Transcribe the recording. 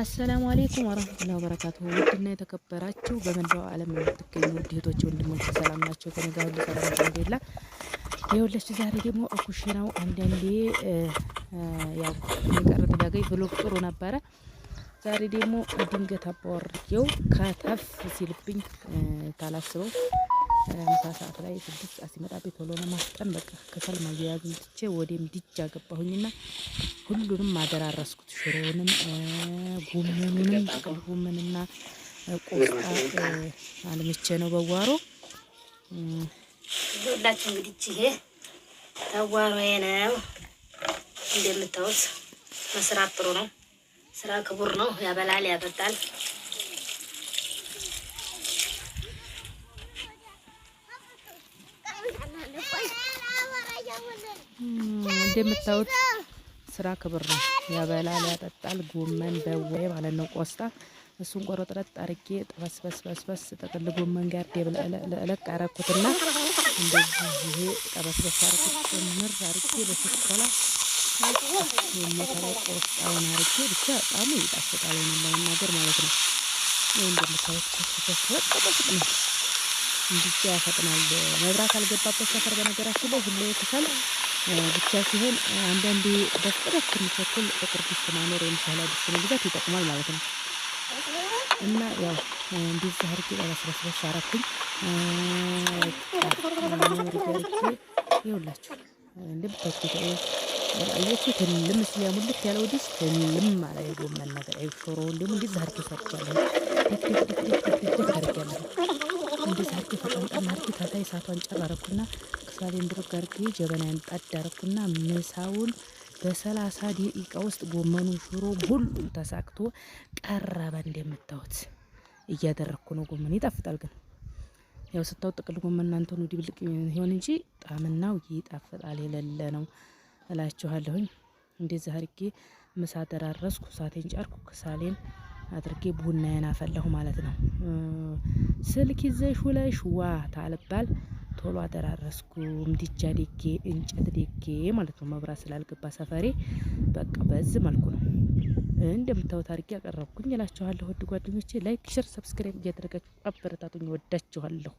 አሰላሙ አሌይኩም ወረህመቱላሂ ወበረካቱሁ። ውድና የተከበራችሁ በመላው ዓለም የምትገኙ ውድ እህቶች ወንድሞች ሰላም ናቸው። ከነጋ ሁሉ ሰላም ንዴላ የሁለች ዛሬ ደግሞ ኩሽናው አንዳንዴ ያው የቀረ ተጋጋይ ብሎግ ጥሩ ነበረ። ዛሬ ደግሞ ድንገት አባወርየው ከተፍ ሲልብኝ ታላስበው ምሳ ሰዓት ላይ ስድስት ሰዓት ሲመጣብኝ ቶሎ ለማስጠን በቃ ከሰል ማያያዙን ትቼ ወዴም ድጅ አገባሁኝና ሁሉንም አደራረስኩት። ሽሮውንም፣ ጎመኑንም ጥቅል ጎመንና ቆስጣ አልምቼ ነው በዋሮ ሁላችሁ እንግዲህ ይሄ ተጓሮዬ ነው። እንደምታዩት መስራት ጥሩ ነው። ስራ ክቡር ነው። ያበላል፣ ያጠጣል። እንደምታዩት ስራ ክብር ነው። ያበላል፣ ያጠጣል። ጎመን በወይ ማለት ነው ቆስጣ እሱን ቆረጥረጥ አርጌ ጠበስበስበስበስ ጥቅል ጎመን ጋር ለእለቅ አረኩትና እንደዚህ ይሄ ጠበስበስ አረኩት ጭምር አርጌ በስኮላ የሚተለ ቆስጣውን አርጌ ብቻ በጣም ይጣፍጣል። ለመናገር ማለት ነው ይህ እንደምታዩት ስበስበስ ነው ብቻ ያፈጥናል። መብራት አልገባበት ሰፈር በነገራችን ላይ ሁሌ ክፍል ብቻ ሲሆን አንዳንዴ በፍጥነት ትንቸኩል ጥቁር ድስት ማኖር የምሳላ ድስት መግዛት ይጠቅማል ማለት ነው። እና ያው እንዲህ ዛህርጌ ለስለስለስ አረኩኝ ይውላችሁ ልባችሁ አያችሁ ትልም ስለያሙልክ ያለው ድስት ትልም አለ የጎመን ነገር አይ ሾሮ እንደውም እንዲህ ዛህርጌ ሰርቻለሁ ላይ እሳቷን ጨመረኩና ክሳሌን ብሩክ ጀበናን ጣዳረኩና ምሳውን በሰላሳ ደቂቃ ውስጥ ጎመኑ፣ ሽሮ ሁሉም ተሳክቶ ቀረበ። እንደምታዩት እያደረግኩ ነው። ጎመን ይጣፍጣል። ግን ያው ስታው ጥቅል ጎመን እናንተ ነው ዲብልቅ ይሆን እንጂ ጣምናው ይጣፍጣል። የሌለ ነው እላችኋለሁኝ። እንደዚህ አድርጌ ምሳ ደራረስኩ። ሳቴን ጫርኩ። ክሳሌን አድርጌ ቡናዬን አፈላሁ ማለት ነው። ስልክ ይዘሽ ውለሽ ዋ ታልባል ቶሎ አደራረስኩ ምድጃ ደጌ እንጨት ደጌ ማለት ነው። መብራት ስላልገባ ሰፈሬ በቃ በዚህ መልኩ ነው እንደምታዩት አድርጌ ያቀረብኩኝ እላችኋለሁ። ውድ ጓደኞቼ ላይክ፣ ሸር፣ ሰብስክራይብ እያደረጋችሁ አበረታቱኝ። ወዳችኋለሁ።